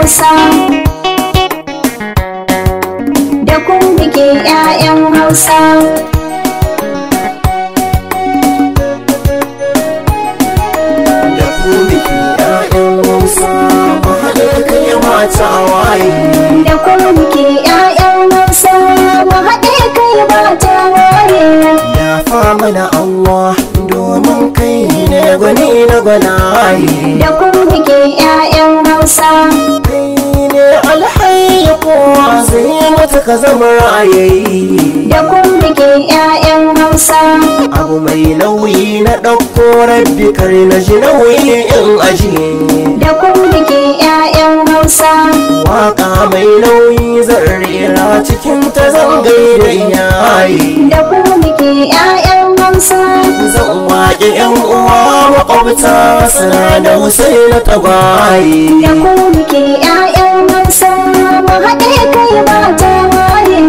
hausa da kun 'ya'yan hausa da ku muke hausa ba waye da kun hausa ba waye ya fa mana Allah domin kai ne gwani na gwanaye da kun ke 'ya'yan hausa alhayi ko zai mata ka zama ayayi da kun bike 'ya'yan hausa abu mai nauyi na ɗauko rabbi kar na ji nauyi in aji da kun bike 'ya'yan hausa waka mai nauyi zan rera cikin ta zan gaida iyaye da kun bike 'ya'yan hausa zan waƙe 'yan uwa makwabta suna da na tagwaye da ku muke ƴaƴan hausa mu haɗe kai mata waye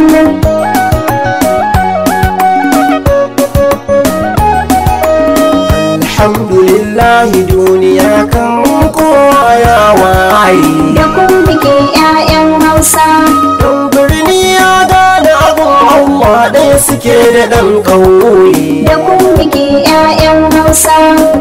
Alhamdulillah duniya kan kowa ya waye da ku muke ƴaƴan hausa birni ya Allah ɗaya suke da ɗan ƙauye da kuma muke ƴaƴan hausa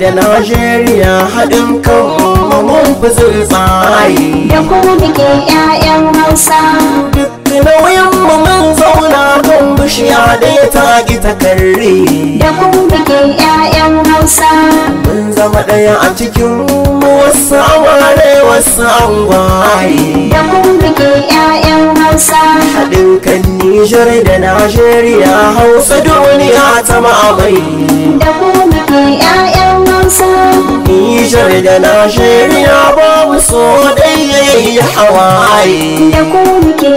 da Najeriya haɗin kan mun fi tsari. Da kuma muke 'ya'yan Hausa. Duk nauyin mu mun zauna kan bishiya ɗaya ta ki ta karre. Da kuma muke 'ya'yan Hausa. Mun zama ɗaya a cikin mu wasu amare wasu angwaye. Da kuma muke 'ya'yan Hausa. Haɗin kan Nijar da Najeriya Hausa duniya ta ma'amai. Da kuma muke 'ya'yan Hausa Nijar da Najeriya babu so ɗaya ya hawaye Da ko muke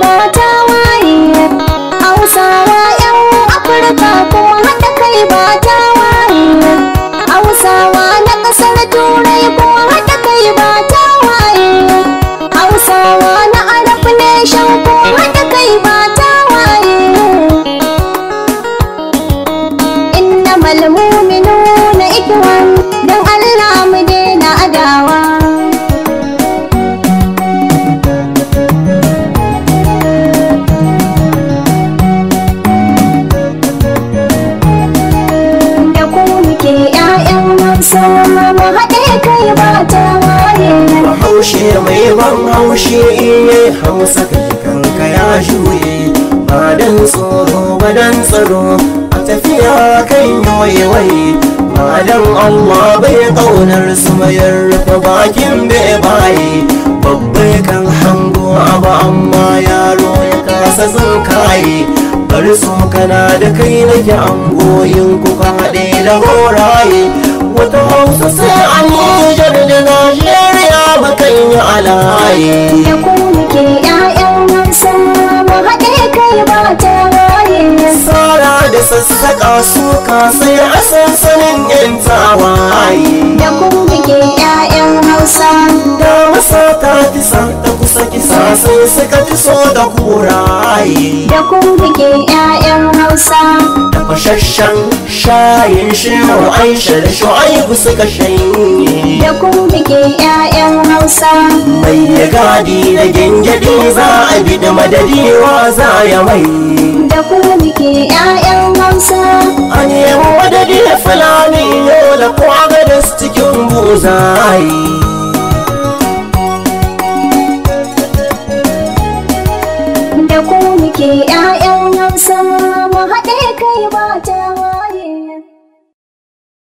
ba mu haɗe kai ba ta waye Bahaushe mai ban haushe iye hausa kai kanka ya juye ba tsoro ba tsaro a tafiya kan yoyewaye madan Allah bai ƙaunar su mayar rufe bakin bai baye Babban kan hango abu amma yaro ya kasa zan kaye bari su kana da kai nake angoyin kuka haɗe da horaye wata al'ayi da ku muke ƴaƴan wasa mu haɗe kai ba ta waye sara da sassaƙa suka sai a sansanin yan tawaye da ku sun suka so da kuraye da kun buge 'ya'yan hausa da fashashen shayin shehu aisha da shu'aibu suka shanye da kun buge 'ya'yan hausa mai da gadi da gyangyaɗe za a bi da wa za ya mai da kun buge 'ya'yan hausa a nemi madadi fulani yau da kwa cikin buzayi ke